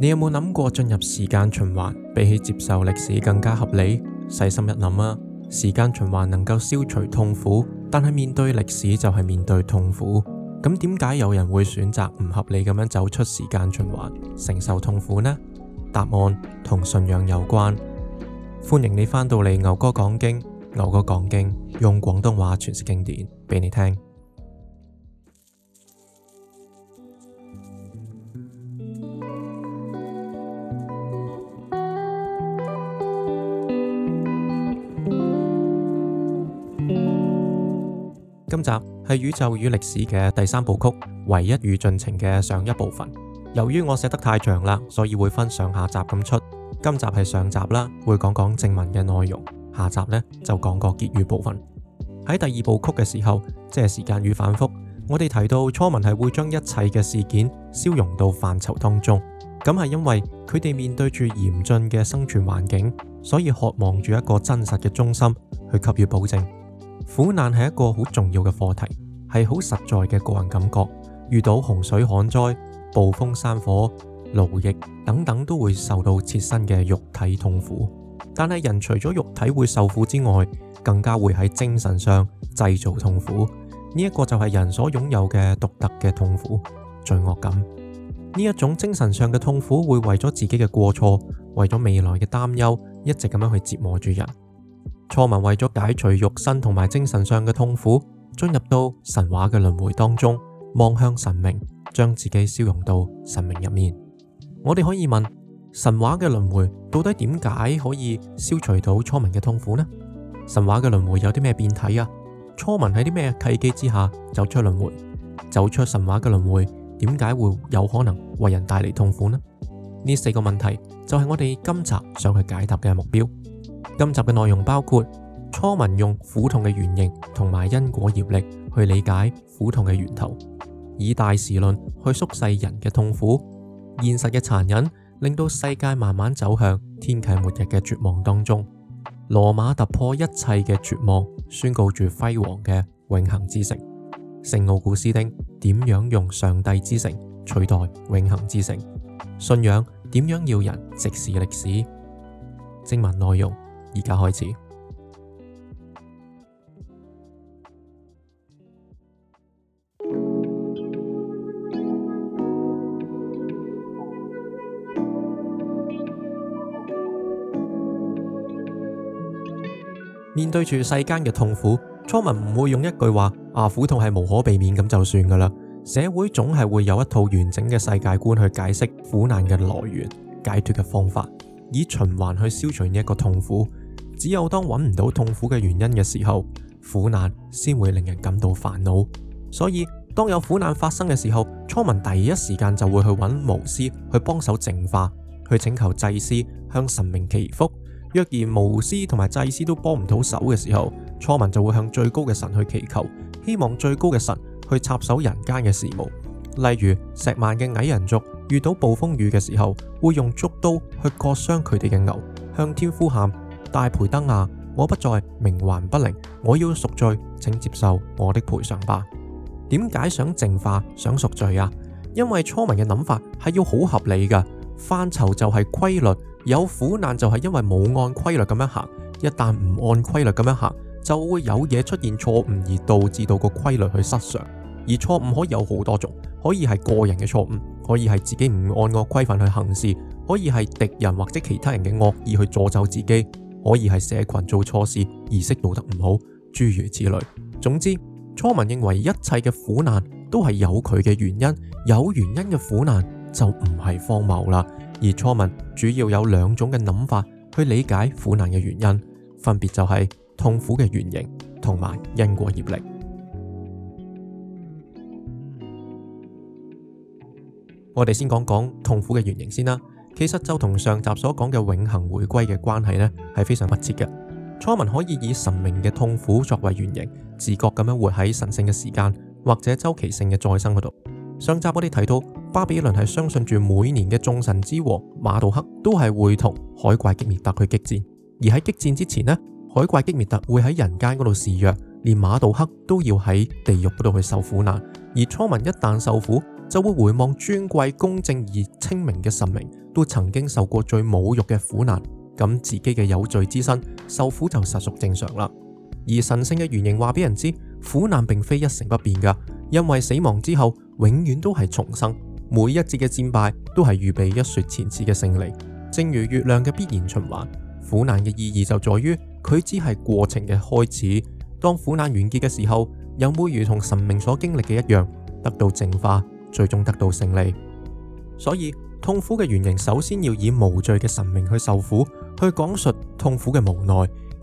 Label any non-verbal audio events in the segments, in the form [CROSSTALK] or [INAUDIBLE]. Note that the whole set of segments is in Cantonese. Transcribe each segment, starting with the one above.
你有冇諗過進入時間循環，比起接受歷史更加合理？細心一諗啊，時間循環能夠消除痛苦，但係面對歷史就係面對痛苦。咁點解有人會選擇唔合理咁樣走出時間循環，承受痛苦呢？答案同信仰有關。歡迎你返到嚟，牛哥講經，牛哥講經，用廣東話詮釋經典俾你聽。今集係宇宙與歷史嘅第三部曲，唯一與進程嘅上一部分。由於我寫得太長啦，所以會分上下集咁出。今集係上集啦，會講講正文嘅內容。下集呢就講個結語部分。喺第二部曲嘅時候，即係時間與反覆，我哋提到初民係會將一切嘅事件消融到範疇當中。咁係因為佢哋面對住嚴峻嘅生存環境，所以渴望住一個真實嘅中心去給予保證。苦難係一個好重要嘅課題，係好實在嘅個人感覺。遇到洪水旱災、暴風山火、勞役等等，都會受到切身嘅肉體痛苦。但係人除咗肉體會受苦之外，更加會喺精神上製造痛苦。呢一個就係人所擁有嘅獨特嘅痛苦——罪惡感。呢一種精神上嘅痛苦，會為咗自己嘅過錯，為咗未來嘅擔憂，一直咁樣去折磨住人。初民為咗解除肉身同埋精神上嘅痛苦，進入到神話嘅輪迴當中，望向神明，將自己消融到神明入面。我哋可以問，神話嘅輪迴到底點解可以消除到初民嘅痛苦呢？神話嘅輪迴有啲咩變體啊？初民喺啲咩契機之下走出輪迴？走出神話嘅輪迴，點解會有可能為人帶嚟痛苦呢？呢四個問題就係我哋今集想去解答嘅目標。今集嘅內容包括初民用苦痛嘅原型同埋因果業力去理解苦痛嘅源頭，以大時論去縮細人嘅痛苦。現實嘅殘忍令到世界慢慢走向天啟末日嘅絕望當中。羅馬突破一切嘅絕望，宣告住輝煌嘅永恆之城。聖奧古斯丁點樣用上帝之城取代永恆之城？信仰點樣要人直視歷史？正文內容。而家開始，面對住世間嘅痛苦，初民唔會用一句話啊，苦痛係無可避免咁就算噶啦。社會總係會有一套完整嘅世界觀去解釋苦難嘅來源、解脱嘅方法，以循環去消除呢一個痛苦。只有當揾唔到痛苦嘅原因嘅時候，苦難先會令人感到煩惱。所以當有苦難發生嘅時候，初民第一時間就會去揾巫師去幫手淨化，去請求祭師向神明祈福。若然巫師同埋祭師都幫唔到手嘅時候，初民就會向最高嘅神去祈求，希望最高嘅神去插手人間嘅事務。例如，石曼嘅矮人族遇到暴風雨嘅時候，會用竹刀去割傷佢哋嘅牛，向天呼喊。大培登啊！我不再冥頑不靈，我要贖罪，請接受我的賠償吧。點解想淨化、想贖罪啊？因為初民嘅諗法係要好合理噶，範疇就係規律。有苦難就係因為冇按規律咁樣行，一旦唔按規律咁樣行，就會有嘢出現錯誤而導致到個規律去失常。而錯誤可以有好多種，可以係個人嘅錯誤，可以係自己唔按個規範去行事，可以係敵人或者其他人嘅惡意去助就自己。可以係社群做錯事，儀式做得唔好，諸如此類。總之，初民認為一切嘅苦難都係有佢嘅原因，有原因嘅苦難就唔係荒謬啦。而初民主要有兩種嘅諗法去理解苦難嘅原因，分別就係痛苦嘅原型同埋因果業力。我哋先講講痛苦嘅原型先啦。其實就同上集所講嘅永恒回歸嘅關係呢係非常密切嘅。初民可以以神明嘅痛苦作為原型，自覺咁樣活喺神聖嘅時間，或者周期性嘅再生嗰度。上集我哋提到巴比倫係相信住每年嘅眾神之王馬杜克都係會同海怪激滅特去激戰，而喺激戰之前呢，「海怪激滅特」會喺人間嗰度示弱，連馬杜克都要喺地獄嗰度去受苦難，而初民一旦受苦，就會回望尊貴、公正而清明嘅神明，都曾經受過最侮辱嘅苦難。咁自己嘅有罪之身受苦就實屬正常啦。而神聖嘅原型話俾人知，苦難並非一成不變噶，因為死亡之後永遠都係重生。每一節嘅戰敗都係預備一雪前恥嘅勝利，正如月亮嘅必然循環。苦難嘅意義就在於佢只係過程嘅開始。當苦難完結嘅時候，又會如同神明所經歷嘅一樣，得到淨化。最終得到勝利，所以痛苦嘅原型首先要以無罪嘅神明去受苦，去講述痛苦嘅無奈。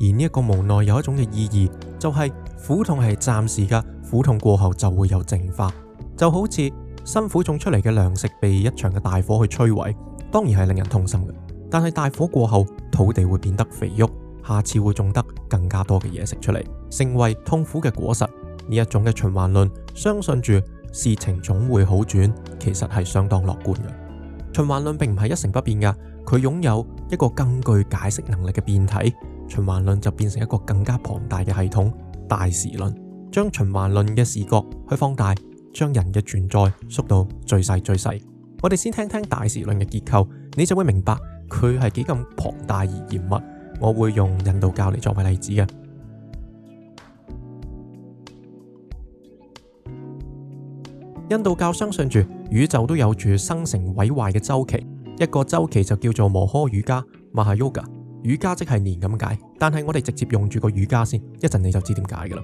而呢一個無奈有一種嘅意義，就係苦痛係暫時噶，苦痛過後就會有淨化。就好似辛苦種出嚟嘅糧食被一場嘅大火去摧毀，當然係令人痛心嘅。但係大火過後，土地會變得肥沃，下次會種得更加多嘅嘢食出嚟，成為痛苦嘅果實。呢一種嘅循環論，相信住事情總會好轉，其實係相當樂觀嘅。循環論並唔係一成不變㗎，佢擁有一個更具解釋能力嘅變體——循環論就變成一個更加龐大嘅系統：大時論。將循環論嘅視角去放大，將人嘅存在縮到最細最細。我哋先聽聽大時論嘅結構，你就會明白佢係幾咁龐大而嚴密。我會用印度教嚟作為例子嘅。印度教相信住宇宙都有住生成毀壞嘅周期，一個周期就叫做摩訶瑜伽 （Mahayoga）。瑜伽即係年咁解，但係我哋直接用住個瑜伽先，一陣你就知點解噶啦。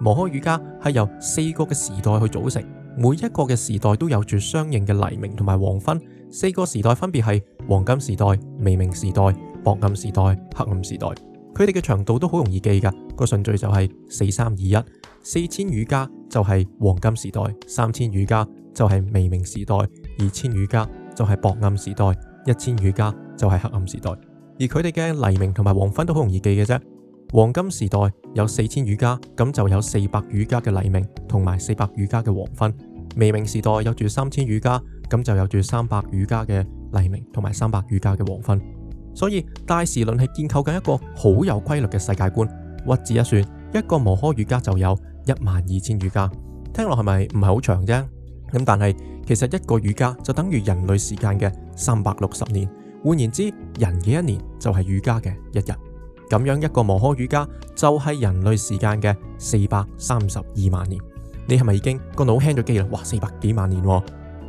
摩訶瑜伽係由四個嘅時代去組成，每一個嘅時代都有住相應嘅黎明同埋黃昏。四個時代分別係黃金時代、微明時代、薄暗時代、黑暗時代。佢哋嘅長度都好容易記噶，個順序就係四三二一，四千瑜伽就係黃金時代，三千瑜伽就係微明時代，二千瑜伽就係薄暗時代，一千瑜伽就係黑暗時代。而佢哋嘅黎明同埋黃昏都好容易記嘅啫。黃金時代有四千瑜伽，咁就有四百瑜伽嘅黎明同埋四百瑜伽嘅黃昏。微明時代有住三千瑜伽，咁就有住三百瑜伽嘅黎明同埋三百瑜伽嘅黃昏。所以大時論係建構緊一個好有規律嘅世界觀。屈指一算，一個摩訶瑜伽就有一萬二千瑜伽，聽落係咪唔係好長啫？咁、嗯、但係其實一個瑜伽就等於人類時間嘅三百六十年。換言之，人嘅一年就係瑜伽嘅一日。咁樣一個摩訶瑜伽就係人類時間嘅四百三十二萬年。你係咪已經個腦輕咗機啦？哇，四百幾萬年，啊，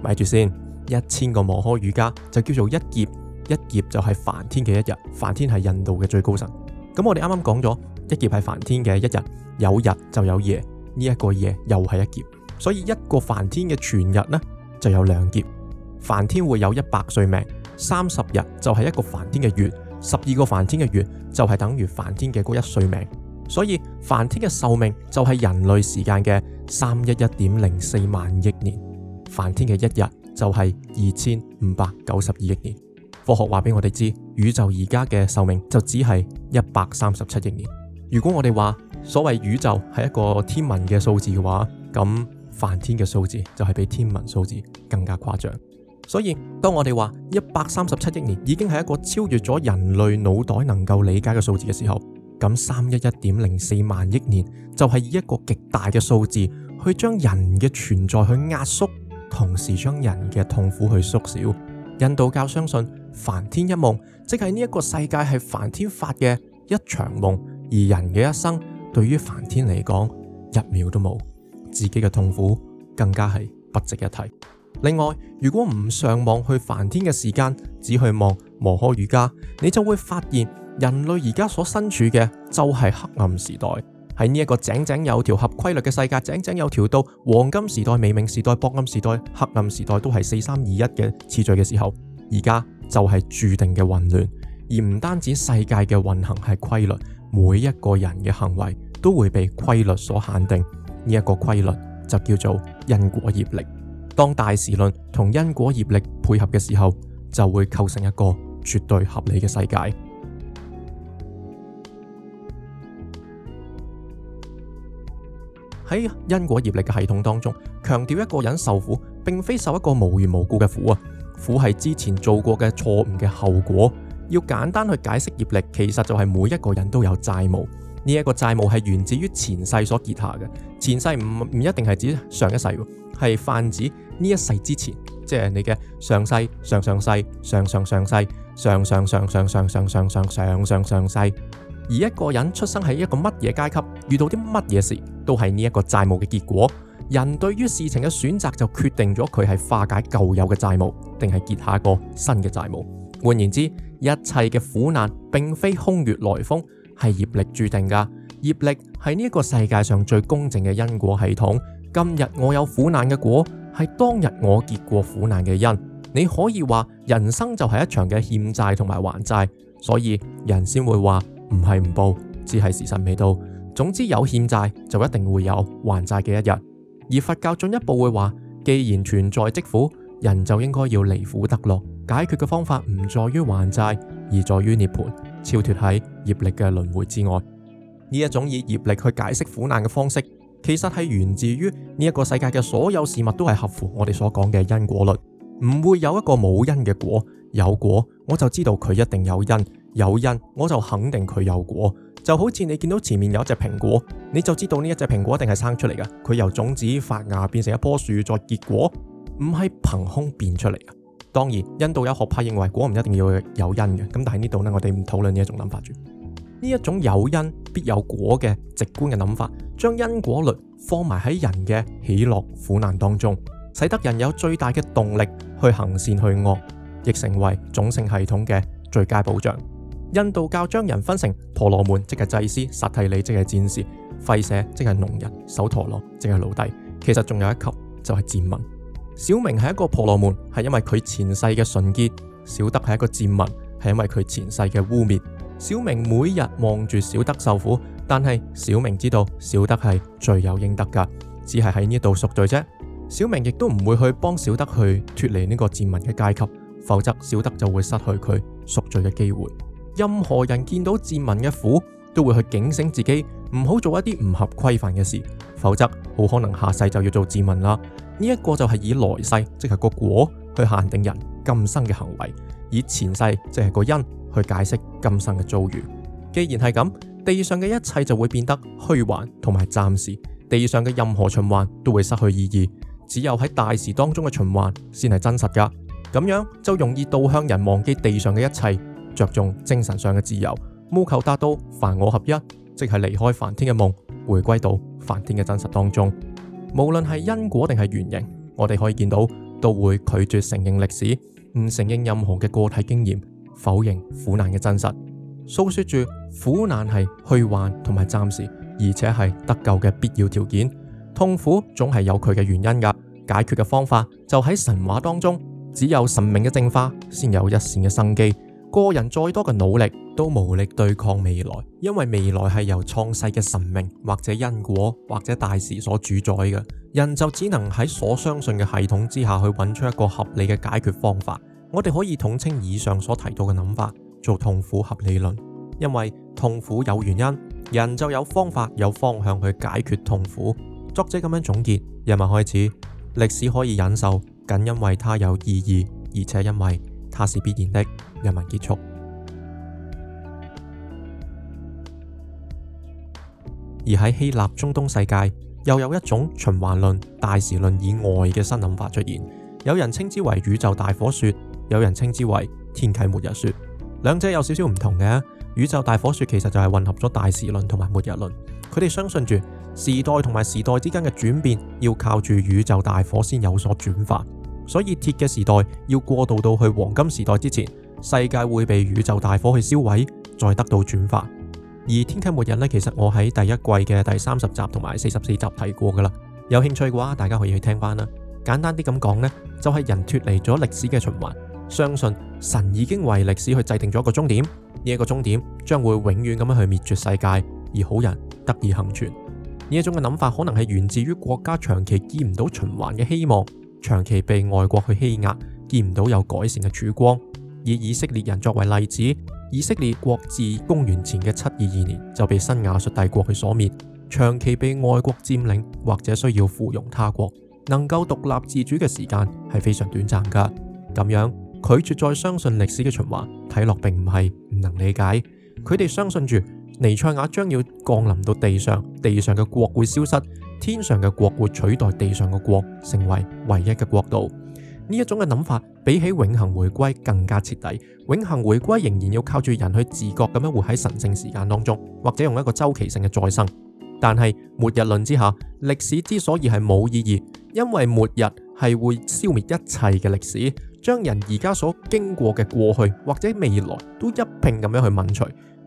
咪住先。一千個摩訶瑜伽就叫做一劫。一劫就係梵天嘅一日，梵天係印度嘅最高神。咁我哋啱啱講咗一劫係梵天嘅一日，有日就有夜，呢一個夜又係一劫，所以一個梵天嘅全日呢就有兩劫。梵天會有一百歲命，三十日就係一個梵天嘅月，十二個梵天嘅月就係等於梵天嘅嗰一歲命，所以梵天嘅壽命就係人類時間嘅三一一點零四萬億年。梵天嘅一日就係二千五百九十二億年。科學話俾我哋知，宇宙而家嘅壽命就只係一百三十七億年。如果我哋話所謂宇宙係一個天文嘅數字嘅話，咁梵天嘅數字就係比天文數字更加誇張。所以當我哋話一百三十七億年已經係一個超越咗人類腦袋能夠理解嘅數字嘅時候，咁三一一點零四萬億年就係以一個極大嘅數字去將人嘅存在去壓縮，同時將人嘅痛苦去縮小。印度教相信梵天一夢，即係呢一個世界係梵天發嘅一場夢，而人嘅一生對於梵天嚟講一秒都冇，自己嘅痛苦更加係不值一提。另外，如果唔上望去梵天嘅時間，只去望摩訶瑜伽，你就會發現人類而家所身處嘅就係黑暗時代。喺呢一個井井有條合規律嘅世界，井井有條到黃金時代、美名時代、鉑金時代、黑暗時代都係四三二一嘅次序嘅時候，而家就係注定嘅混亂。而唔單止世界嘅運行係規律，每一個人嘅行為都會被規律所限定。呢、這、一個規律就叫做因果業力。當大時論同因果業力配合嘅時候，就會構成一個絕對合理嘅世界。喺因果業力嘅系統當中，強調一個人受苦，並非受一個無緣無故嘅苦啊！苦係之前做過嘅錯誤嘅後果。要簡單去解釋業力，其實就係每一個人都有債務，呢一個債務係源自於前世所結下嘅。前世唔唔一定係指上一世，係泛指呢一世之前，即係你嘅上世、上上世、上上上世、上上上上上上上上上上世。而一個人出生喺一個乜嘢階級，遇到啲乜嘢事，都係呢一個債務嘅結果。人對於事情嘅選擇就決定咗佢係化解舊有嘅債務，定係結下一個新嘅債務。換言之，一切嘅苦難並非空穴來風，係業力注定噶。業力係呢一個世界上最公正嘅因果系統。今日我有苦難嘅果，係當日我結過苦難嘅因。你可以話人生就係一場嘅欠債同埋還債，所以人先會話。唔係唔報，只係時辰未到。總之有欠債就一定會有還債嘅一日。而佛教進一步會話，既然存在積苦，人就應該要離苦得樂。解決嘅方法唔在於還債，而在於涅槃，超脫喺業力嘅輪迴之外。呢一種以業力去解釋苦難嘅方式，其實係源自於呢一個世界嘅所有事物都係合乎我哋所講嘅因果律，唔會有一個冇因嘅果。有果我就知道佢一定有因，有因我就肯定佢有果。就好似你見到前面有一隻蘋果，你就知道呢一隻蘋果一定係生出嚟嘅。佢由種子發芽變成一棵樹再結果，唔係憑空變出嚟嘅。當然，印度有學派認為果唔一定要有因嘅，咁但係呢度呢，我哋唔討論呢一種諗法住。呢一種有因必有果嘅直觀嘅諗法，將因果律放埋喺人嘅喜樂苦難當中，使得人有最大嘅動力去行善去惡。亦成為種姓系統嘅最佳保障。印度教將人分成婆羅門即，即係祭司；剎提里，即係戰士；吠舍，即係農人；守陀羅，即係奴隸。其實仲有一級就係、是、賤民。小明係一個婆羅門，係因為佢前世嘅純潔；小德係一個賤民，係因為佢前世嘅污衊。小明每日望住小德受苦，但係小明知道小德係罪有應得噶，只係喺呢度贖罪啫。小明亦都唔會去幫小德去脫離呢個賤民嘅階級。否則小德，就會失去佢贖罪嘅機會。任何人見到賤民嘅苦，都會去警醒自己，唔好做一啲唔合規範嘅事。否則好可能下世就要做賤民啦。呢、這、一個就係以來世即係個果去限定人今生嘅行為，以前世即係個因去解釋今生嘅遭遇。既然係咁，地上嘅一切就會變得虛幻同埋暫時，地上嘅任何循環都會失去意義。只有喺大時當中嘅循環先係真實噶。咁樣就容易導向人忘記地上嘅一切，着重精神上嘅自由，務求達到梵我合一，即係離開梵天嘅夢，回歸到梵天嘅真實當中。無論係因果定係原型，我哋可以見到都會拒絕承認歷史，唔承認任何嘅個體經驗，否認苦難嘅真實，訴說住苦難係虛幻同埋暫時，而且係得救嘅必要條件。痛苦總係有佢嘅原因㗎，解決嘅方法就喺神話當中。只有神明嘅淨化，先有一線嘅生機。個人再多嘅努力，都無力對抗未來，因為未來係由創世嘅神明，或者因果，或者大時所主宰嘅。人就只能喺所相信嘅系統之下去揾出一個合理嘅解決方法。我哋可以統稱以上所提到嘅諗法，做痛苦合理論，因為痛苦有原因，人就有方法、有方向去解決痛苦。作者咁樣總結：人民開始，歷史可以忍受。僅因為它有意義，而且因為它是必然的，人民結束。而喺希臘、中東世界，又有一種循環論、大時論以外嘅新諗法出現。有人稱之為宇宙大火說，有人稱之為天啟末日說。兩者有少少唔同嘅。宇宙大火說其實就係混合咗大時論同埋末日論。佢哋相信住時代同埋時代之間嘅轉變要靠住宇宙大火先有所轉化。所以鐵嘅時代要過渡到去黃金時代之前，世界會被宇宙大火去燒毀，再得到轉化。而天啟末日呢，其實我喺第一季嘅第三十集同埋四十四集睇過噶啦。有興趣嘅話，大家可以去聽翻啦。簡單啲咁講呢，就係、是、人脫離咗歷史嘅循環，相信神已經為歷史去制定咗一個終點。呢、這、一個終點將會永遠咁樣去滅絕世界，而好人得以倖存。呢一種嘅諗法可能係源自於國家長期見唔到循環嘅希望。長期被外國去欺壓，見唔到有改善嘅曙光。以以色列人作為例子，以色列國自公元前嘅七二二年就被新亞述帝國去所滅，長期被外國佔領或者需要附庸他國，能夠獨立自主嘅時間係非常短暫噶。咁樣拒絕再相信歷史嘅循環，睇落並唔係唔能理解，佢哋相信住。尼賽亞將要降臨到地上，地上嘅國會消失，天上嘅國會取代地上嘅國，成為唯一嘅國度。呢一種嘅諗法，比起永恆回歸更加徹底。永恆回歸仍然要靠住人去自覺咁樣活喺神聖時間當中，或者用一個週期性嘅再生。但係末日論之下，歷史之所以係冇意義，因為末日係會消滅一切嘅歷史，將人而家所經過嘅過去或者未來都一併咁樣去抹除。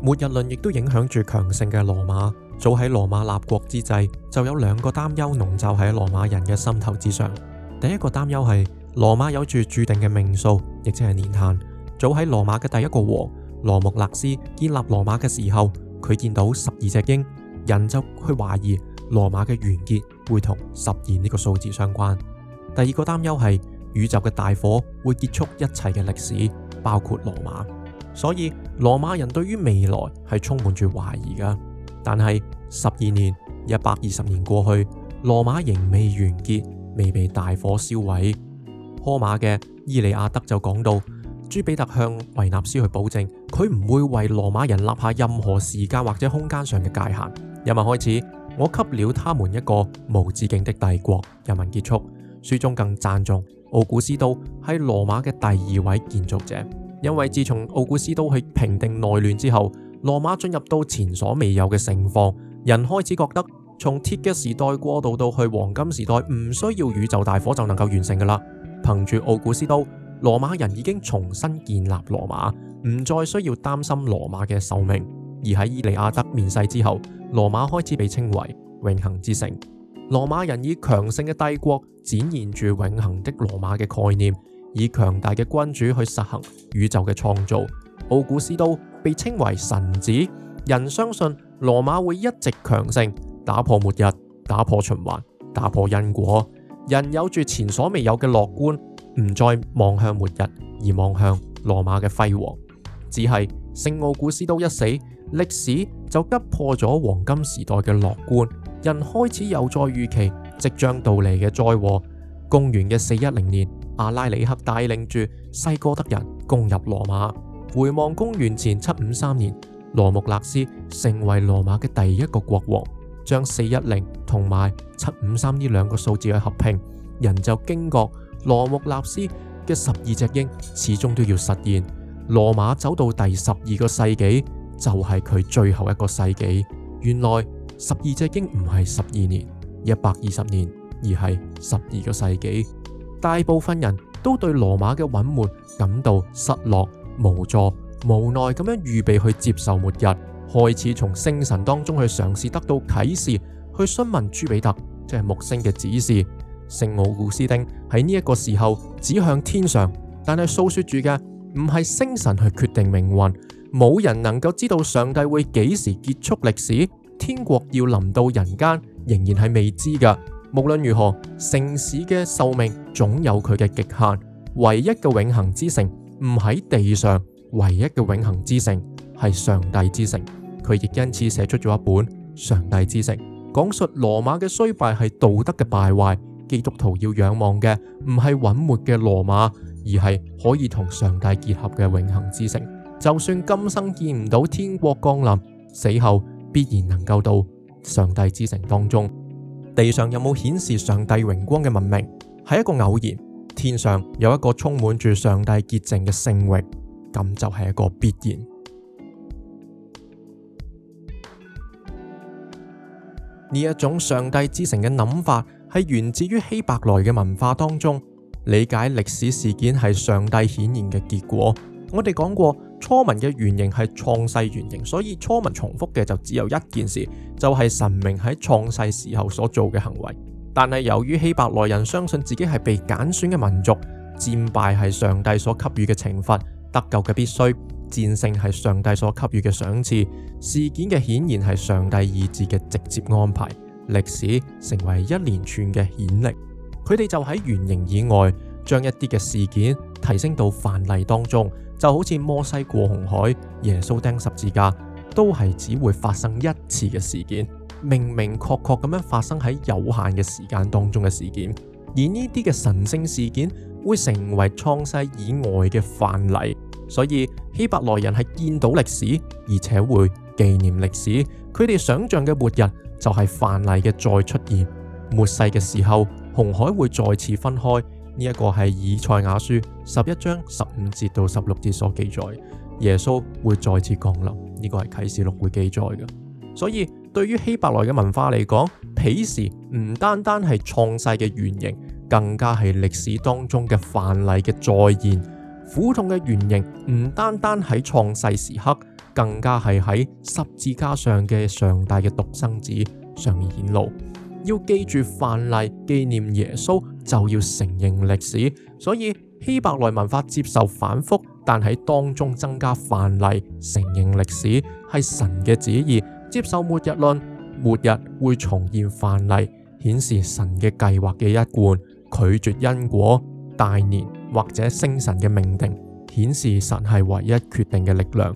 末日論亦都影響住強盛嘅羅馬。早喺羅馬立國之際，就有兩個擔憂籠罩喺羅馬人嘅心頭之上。第一個擔憂係羅馬有住注定嘅命數，亦即係年限。早喺羅馬嘅第一個王羅慕勒斯建立羅馬嘅時候，佢見到十二隻鷹，人就去懷疑羅馬嘅完結會同十二呢個數字相關。第二個擔憂係宇宙嘅大火會結束一切嘅歷史，包括羅馬。所以羅馬人對於未來係充滿住懷疑噶，但係十二年、一百二十年過去，羅馬仍未完結，未被大火燒毀。科馬嘅《伊利亞德》就講到，朱庇特向維納斯去保證，佢唔會為羅馬人立下任何時間或者空間上嘅界限。人民開始，我給了他們一個無止境的帝國。人民結束，書中更讚頌奧古斯都係羅馬嘅第二位建築者。因為自從奧古斯都去平定內亂之後，羅馬進入到前所未有嘅盛況，人開始覺得從鐵嘅時代過渡到去黃金時代，唔需要宇宙大火就能夠完成噶啦。憑住奧古斯都，羅馬人已經重新建立羅馬，唔再需要擔心羅馬嘅壽命。而喺伊利亞德面世之後，羅馬開始被稱為永恒之城。羅馬人以強盛嘅帝國展現住永恒的羅馬嘅概念。以強大嘅君主去實行宇宙嘅創造。奧古斯都被稱為神子，人相信羅馬會一直強盛，打破末日，打破循環，打破因果。人有住前所未有嘅樂觀，唔再望向末日，而望向羅馬嘅輝煌。只係聖奧古斯都一死，歷史就急破咗黃金時代嘅樂觀，人開始又再預期即將到嚟嘅災禍。公元嘅四一零年。阿拉里克帶領住西哥德人攻入羅馬。回望公元前七五三年，羅慕納斯成為羅馬嘅第一個國王。將四一零同埋七五三呢兩個數字去合併，人就驚覺羅慕納斯嘅十二隻鷹始終都要實現。羅馬走到第十二個世紀，就係、是、佢最後一個世紀。原來十二隻鷹唔係十二年，一百二十年，而係十二個世紀。大部分人都對羅馬嘅殞沒，感到失落、無助、無奈，咁樣預備去接受末日，開始從星神當中去嘗試得到啟示，去詢問朱庇特，即係木星嘅指示。聖奧古斯丁喺呢一個時候指向天上，但係訴說住嘅唔係星神去決定命運，冇人能夠知道上帝會幾時結束歷史，天國要臨到人間仍然係未知㗎。無論如何，城市嘅壽命總有佢嘅極限。唯一嘅永恒之城唔喺地上，唯一嘅永恒之城係上帝之城。佢亦因此寫出咗一本《上帝之城》，講述羅馬嘅衰敗係道德嘅敗壞。基督徒要仰望嘅唔係隕沒嘅羅馬，而係可以同上帝結合嘅永恒之城。就算今生見唔到天國降臨，死後必然能夠到上帝之城當中。地上有冇顯示上帝榮光嘅文明，係一個偶然；天上有一個充滿住上帝潔淨嘅聖域，咁就係一個必然。呢 [NOISE] 一種上帝之城嘅諗法，係源自於希伯來嘅文化當中，理解歷史事件係上帝顯現嘅結果。我哋講過。初民嘅原型係創世原型，所以初民重複嘅就只有一件事，就係、是、神明喺創世時候所做嘅行為。但係由於希伯來人相信自己係被揀選嘅民族，戰敗係上帝所給予嘅懲罰，得救嘅必須，戰勝係上帝所給予嘅賞賜，事件嘅顯現係上帝意志嘅直接安排，歷史成為一連串嘅顯例。佢哋就喺原型以外，將一啲嘅事件。提升到範例當中，就好似摩西過紅海、耶穌釘十字架，都係只會發生一次嘅事件，明明確確咁樣發生喺有限嘅時間當中嘅事件。而呢啲嘅神聖事件會成為創世以外嘅範例，所以希伯來人係見到歷史，而且會紀念歷史。佢哋想象嘅末日就係範例嘅再出現，末世嘅時候紅海會再次分開。呢一個係以賽亞書十一章十五節到十六節所記載，耶穌會再次降臨。呢個係啟示錄會記載嘅。所以對於希伯來嘅文化嚟講，彼時唔單單係創世嘅原型，更加係歷史當中嘅範例嘅再現。苦痛嘅原型唔單單喺創世時刻，更加係喺十字架上嘅上帝嘅獨生子上面顯露。要記住範例，紀念耶穌就要承認歷史，所以希伯來文化接受反覆，但喺當中增加範例，承認歷史係神嘅旨意，接受末日論，末日會重現範例，顯示神嘅計劃嘅一貫，拒絕因果、大年或者星神嘅命定，顯示神係唯一決定嘅力量。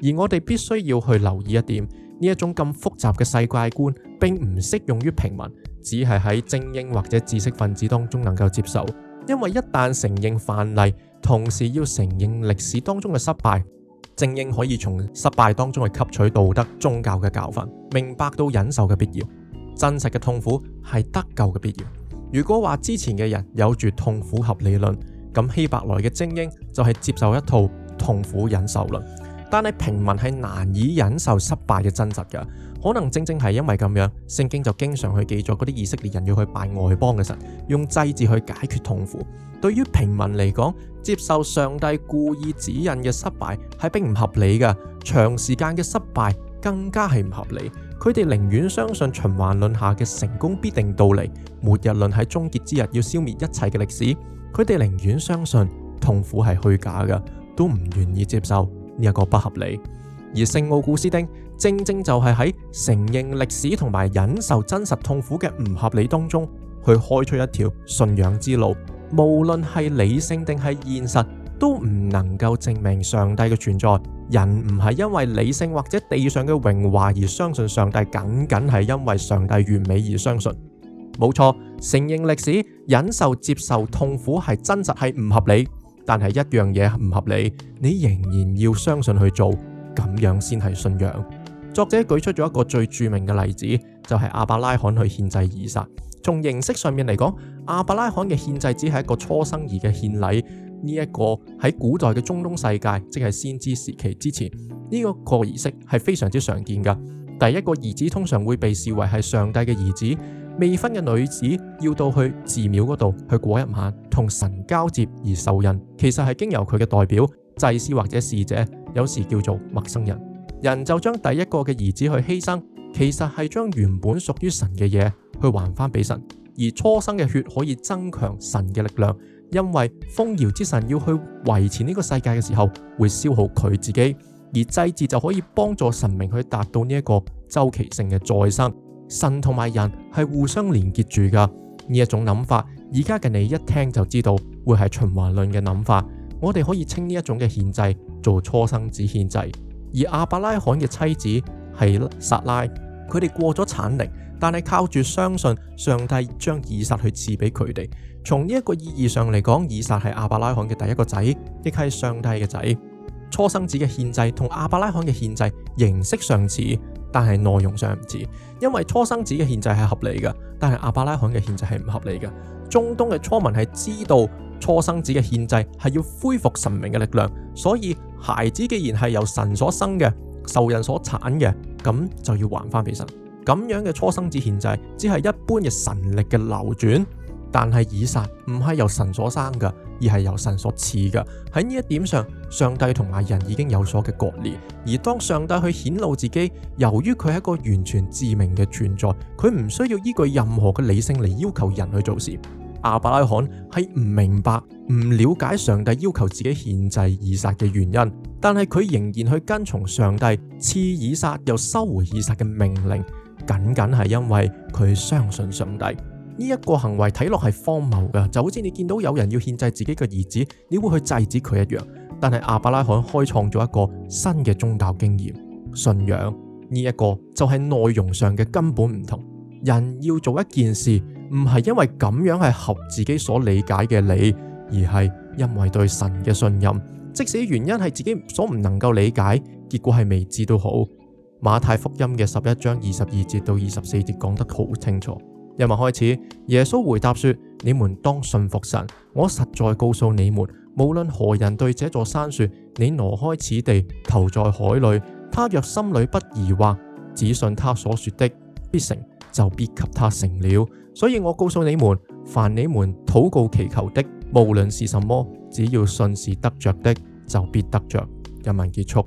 而我哋必須要去留意一點，呢一種咁複雜嘅世界觀，並唔適用於平民，只係喺精英或者知識分子當中能夠接受，因為一旦承認範例，同時要承認歷史當中嘅失敗，精英可以從失敗當中去吸取道德宗教嘅教訓，明白到忍受嘅必要，真實嘅痛苦係得救嘅必要。如果話之前嘅人有住痛苦合理論，咁希伯來嘅精英就係接受一套痛苦忍受論，但係平民係難以忍受失敗嘅真實噶。可能正正係因為咁樣，聖經就經常去記載嗰啲以色列人要去拜外邦嘅神，用祭祀去解決痛苦。對於平民嚟講，接受上帝故意指引嘅失敗係並唔合理嘅，長時間嘅失敗更加係唔合理。佢哋寧願相信循環論下嘅成功必定到嚟，末日論喺終結之日要消滅一切嘅歷史。佢哋寧願相信痛苦係虛假嘅，都唔願意接受呢一個不合理。而聖奧古斯丁正正就係喺承認歷史同埋忍受真實痛苦嘅唔合理當中，去開出一條信仰之路。無論係理性定係現實，都唔能夠證明上帝嘅存在。人唔係因為理性或者地上嘅榮華而相信上帝，僅僅係因為上帝完美而相信。冇錯，承認歷史、忍受、接受痛苦係真實係唔合理，但係一樣嘢唔合理，你仍然要相信去做。咁樣先係信仰。作者舉出咗一個最著名嘅例子，就係、是、亞伯拉罕去獻祭以撒。從形式上面嚟講，亞伯拉罕嘅獻祭只係一個初生兒嘅獻禮。呢、這、一個喺古代嘅中東世界，即係先知時期之前，呢、這、一個儀式係非常之常見㗎。第一個兒子通常會被視為係上帝嘅兒子。未婚嘅女子要到去寺廟嗰度去過一晚，同神交接而受孕，其實係經由佢嘅代表祭司或者侍者。有時叫做陌生人，人就將第一個嘅兒子去犧牲，其實係將原本屬於神嘅嘢去還翻俾神。而初生嘅血可以增強神嘅力量，因為豐饒之神要去維持呢個世界嘅時候，會消耗佢自己，而祭祀就可以幫助神明去達到呢一個周期性嘅再生。神同埋人係互相連結住噶，呢一種諗法，而家嘅你一聽就知道會係循環論嘅諗法。我哋可以稱呢一種嘅限制。做初生子獻祭，而亞伯拉罕嘅妻子係撒拉，佢哋過咗產齡，但係靠住相信上帝將以撒去賜俾佢哋。從呢一個意義上嚟講，以撒係亞伯拉罕嘅第一個仔，亦係上帝嘅仔。初生子嘅獻祭同亞伯拉罕嘅獻祭形式相似，但係內容上唔似，因為初生子嘅獻祭係合理嘅，但係亞伯拉罕嘅獻祭係唔合理嘅。中東嘅初民係知道，初生子嘅獻祭係要恢復神明嘅力量，所以孩子既然係由神所生嘅，受人所產嘅，咁就要還翻俾神。咁樣嘅初生子獻祭，只係一般嘅神力嘅流轉，但係以撒唔係由神所生嘅，而係由神所賜嘅。喺呢一點上，上帝同埋人已經有所嘅割裂。而當上帝去顯露自己，由於佢係一個完全致命嘅存在，佢唔需要依據任何嘅理性嚟要求人去做事。阿伯拉罕係唔明白，唔了解上帝要求自己獻祭以撒嘅原因，但係佢仍然去跟從上帝賜以撒又收回以撒嘅命令，僅僅係因為佢相信上帝。呢、這、一個行為睇落係荒謬嘅，就好似你見到有人要獻祭自己嘅兒子，你會去制止佢一樣。但係阿伯拉罕開創咗一個新嘅宗教經驗，信仰。呢、這、一個就係內容上嘅根本唔同，人要做一件事，唔係因為咁樣係合自己所理解嘅理，而係因為對神嘅信任。即使原因係自己所唔能夠理解，結果係未知都好。馬太福音嘅十一章二十二節到二十四節講得好清楚。引文開始，耶穌回答說：你們當信服神。我實在告訴你們，無論何人對這座山說：你挪開此地，投在海裏，他若心裏不疑惑，只信他所說的，必成。就必給他成了，所以我告訴你們，凡你們禱告祈求的，無論是什麼，只要信是得着的，就必得着。引文結束，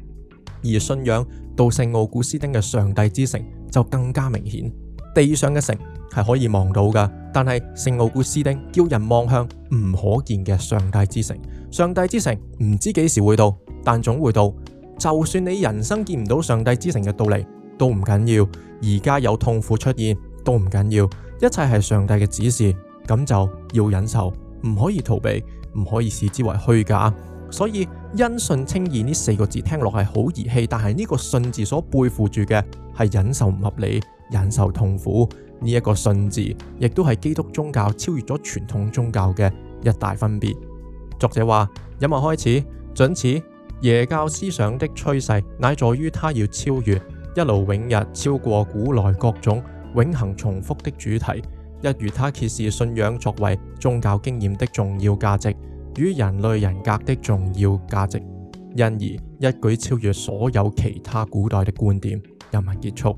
而信仰到聖奧古斯丁嘅上帝之城就更加明顯，地上嘅城係可以望到噶，但係聖奧古斯丁叫人望向唔可見嘅上帝之城。上帝之城唔知幾時會到，但總會到。就算你人生見唔到上帝之城嘅到嚟，都唔緊要，而家有痛苦出現都唔緊要，一切係上帝嘅指示，咁就要忍受，唔可以逃避，唔可以視之為虛假。所以因信稱義呢四個字聽落係好熱氣，但係呢個信字所背負住嘅係忍受唔合理、忍受痛苦呢一個信字，亦都係基督宗教超越咗傳統宗教嘅一大分別。作者話：，音樂開始，準此耶教思想的趨勢，乃在於他要超越。一勞永逸超過古來各種永恆重複的主題，一如他揭示信仰作為宗教經驗的重要價值與人類人格的重要價值，因而一舉超越所有其他古代的觀點。人民結束，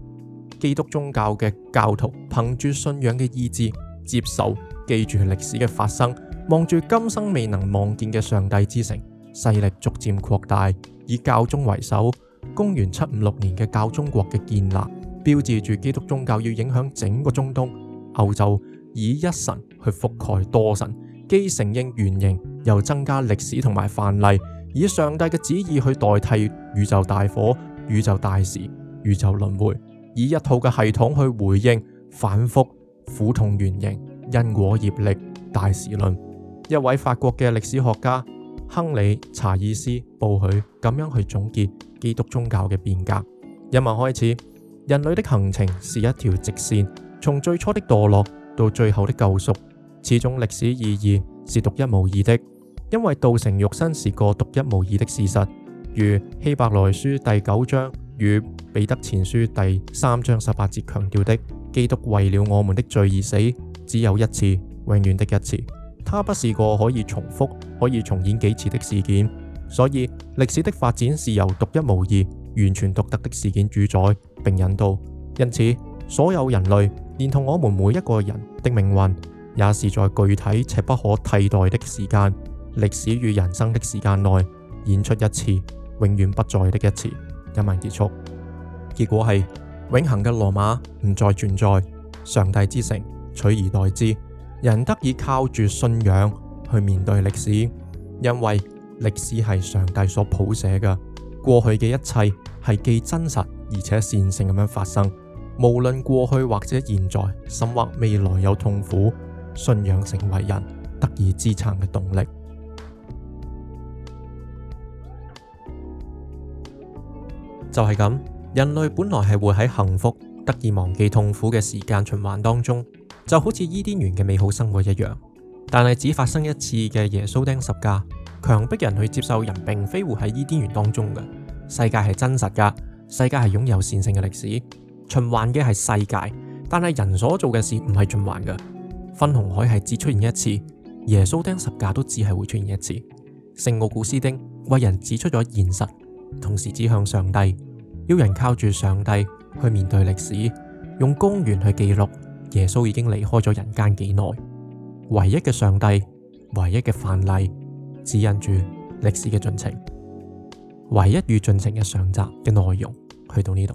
基督宗教嘅教徒憑住信仰嘅意志接受、記住歷史嘅發生，望住今生未能望見嘅上帝之城，勢力逐漸擴大，以教宗為首。公元七五六年嘅教宗國嘅建立，標誌住基督宗教要影響整個中東、歐洲，以一神去覆蓋多神，既承認原型，又增加歷史同埋範例，以上帝嘅旨意去代替宇宙大火、宇宙大時、宇宙輪迴，以一套嘅系統去回應、反複、苦痛、原型、因果業力、大時論。一位法國嘅歷史學家。亨利、查爾斯、布許咁樣去總結基督宗教嘅變革。一文開始，人類的行程是一條直線，從最初的墮落到最後的救贖，此種歷史意義是獨一無二的，因為道成肉身是個獨一無二的事實，如希伯來書第九章與彼得前書第三章十八節強調的，基督為了我們的罪而死，只有一次，永遠的一次。它不是個可以重複、可以重演幾次的事件，所以歷史的發展是由獨一無二、完全獨特的事件主宰並引導。因此，所有人類，連同我們每一個人的命運，也是在具體且不可替代的時間、歷史與人生的時間內演出一次、永遠不再的一次。一文結束，結果係永恆嘅羅馬唔再存在，上帝之城取而代之。人得以靠住信仰去面對歷史，因為歷史係上帝所譜寫嘅，過去嘅一切係既真實而且善性咁樣發生。無論過去或者現在，甚或未來有痛苦，信仰成為人得以支撐嘅動力。就係咁，人類本來係會喺幸福得以忘記痛苦嘅時間循環當中。就好似伊甸園嘅美好生活一樣，但係只發生一次嘅耶穌釘十架，強迫人去接受人，並非活喺伊甸園當中嘅世界係真實噶，世界係擁有善性嘅歷史循環嘅係世界，但係人所做嘅事唔係循環噶。分紅海係只出現一次，耶穌釘十架都只係會出現一次。聖奧古斯丁為人指出咗現實，同時指向上帝，要人靠住上帝去面對歷史，用公元去記錄。耶穌已經離開咗人間幾耐？唯一嘅上帝，唯一嘅範例，指引住歷史嘅進程，唯一與進程嘅上集嘅內容，去到呢度。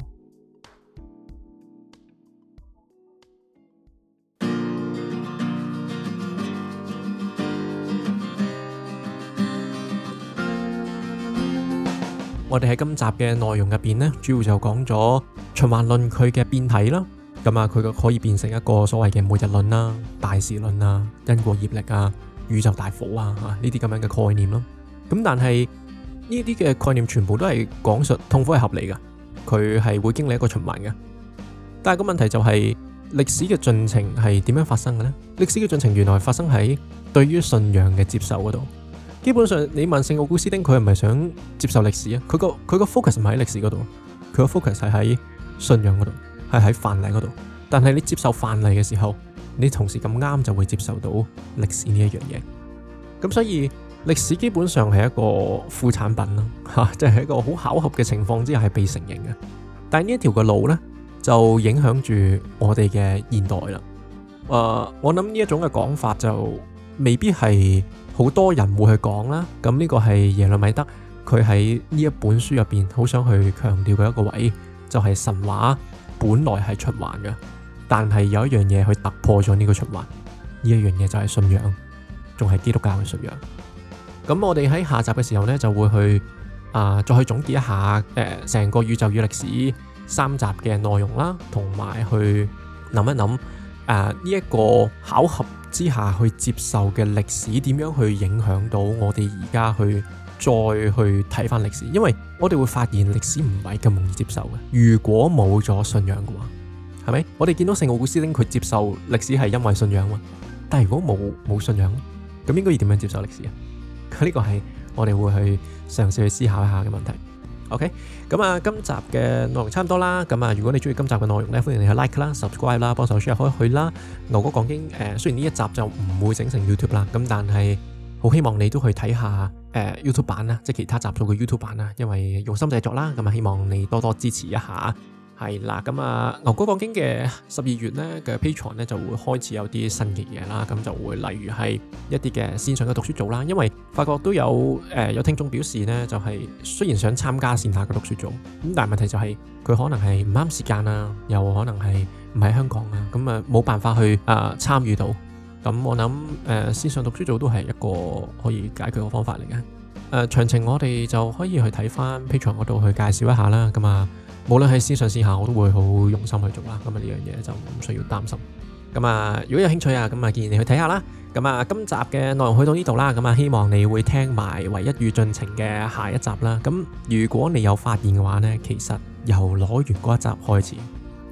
[NOISE] 我哋喺今集嘅內容入邊呢，主要就講咗循環論佢嘅變體啦。咁啊，佢個可以變成一個所謂嘅末日論啦、大時論啊、因果業力啊、宇宙大火啊，吓呢啲咁樣嘅概念咯。咁但係呢啲嘅概念全部都係講述痛苦係合理嘅，佢係會經歷一個循環嘅。但係個問題就係歷史嘅進程係點樣發生嘅咧？歷史嘅進程原來發生喺對於信仰嘅接受嗰度。基本上，你問聖奧古斯丁佢係唔係想接受歷史啊？佢個佢個 focus 唔係喺歷史嗰度，佢個 focus 係喺信仰嗰度。係喺範例嗰度，但係你接受範例嘅時候，你同時咁啱就會接受到歷史呢一樣嘢。咁所以歷史基本上係一個副產品啦，吓、啊，即、就、係、是、一個好巧合嘅情況之下係被承認嘅。但係呢一條嘅路呢，就影響住我哋嘅現代啦。誒、啊，我諗呢一種嘅講法就未必係好多人會去講啦。咁呢個係耶律米德佢喺呢一本書入邊好想去強調嘅一個位，就係、是、神話。本來係循環嘅，但係有一樣嘢去突破咗呢個循環，呢一樣嘢就係信仰，仲係基督教嘅信仰。咁我哋喺下集嘅時候呢，就會去啊、呃，再去總結一下誒，成、呃、個宇宙與歷史三集嘅內容啦，同埋去諗一諗啊呢一個巧合之下去接受嘅歷史，點樣去影響到我哋而家去。再去睇翻歷史，因為我哋會發現歷史唔係咁容易接受嘅。如果冇咗信仰嘅話，係咪？我哋見到聖奧古斯丁佢接受歷史係因為信仰啊嘛，但係如果冇冇信仰，咁應該要點樣接受歷史啊？呢個係我哋會去嘗試去思考一下嘅問題。OK，咁啊，今集嘅內容差唔多啦。咁啊，如果你中意今集嘅內容咧，歡迎你去 like 啦、subscribe 啦、幫手 share 開去啦。牛哥講經誒，雖然呢一集就唔會整成 YouTube 啦，咁但係。好希望你都去睇下誒、呃、YouTube 版啦，即係其他集數嘅 YouTube 版啦，因為用心製作啦，咁啊希望你多多支持一下，係啦，咁啊牛哥講經嘅十二月咧嘅 Patreon 咧就會開始有啲新嘅嘢啦，咁就會例如係一啲嘅線上嘅讀書組啦，因為發覺都有誒有聽眾表示咧，就係雖然想參加線下嘅讀書組，咁、呃就是、但係問題就係、是、佢可能係唔啱時間啊，又可能係唔喺香港啊，咁啊冇辦法去啊參與到。咁我諗，誒，線上讀書組都係一個可以解決嘅方法嚟嘅。誒，詳情我哋就可以去睇翻 Patreon 嗰度去介紹一下啦，咁啊無論喺線上線下我都會好用心去做啦，咁啊呢樣嘢就唔需要擔心。咁啊如果有興趣啊，咁啊建議你去睇下啦。咁啊今集嘅內容去到呢度啦，咁啊希望你會聽埋唯一與進程嘅下一集啦，咁、啊、如果你有發現嘅話呢，其實由攞完嗰一集開始，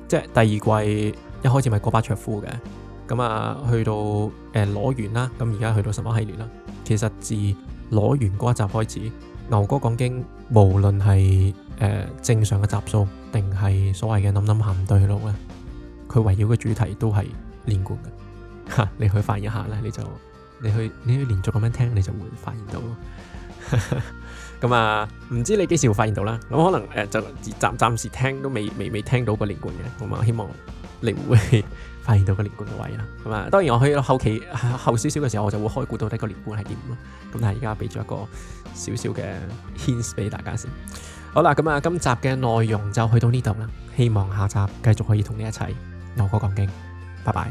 即係第二季一開始咪嗰把卓夫嘅，咁啊，去到誒攞、呃、完啦，咁而家去到什麼系列啦？其實自攞完嗰集開始，牛哥講經，無論係誒、呃、正常嘅集數，定係所謂嘅諗諗下唔對路啊，佢圍繞嘅主題都係連貫嘅。嚇，你去發現一下啦，你就你去你去連續咁樣聽，你就會發現到囉。咁 [LAUGHS] 啊、嗯，唔知你幾時會發現到啦？咁可能誒、呃、就暫暫時聽，暫時聽都未未未，未聽到個連貫嘅，咁啊希望，你會發現到個連貫嘅位啦，係嘛？當然我可以後期後少少嘅時候，我就會開估到底個連貫係點啦。咁但係而家俾咗一個少少嘅 hint 俾大家先。好啦，咁啊，今集嘅內容就去到呢度啦。希望下集繼續可以同你一齊牛哥講經。拜拜。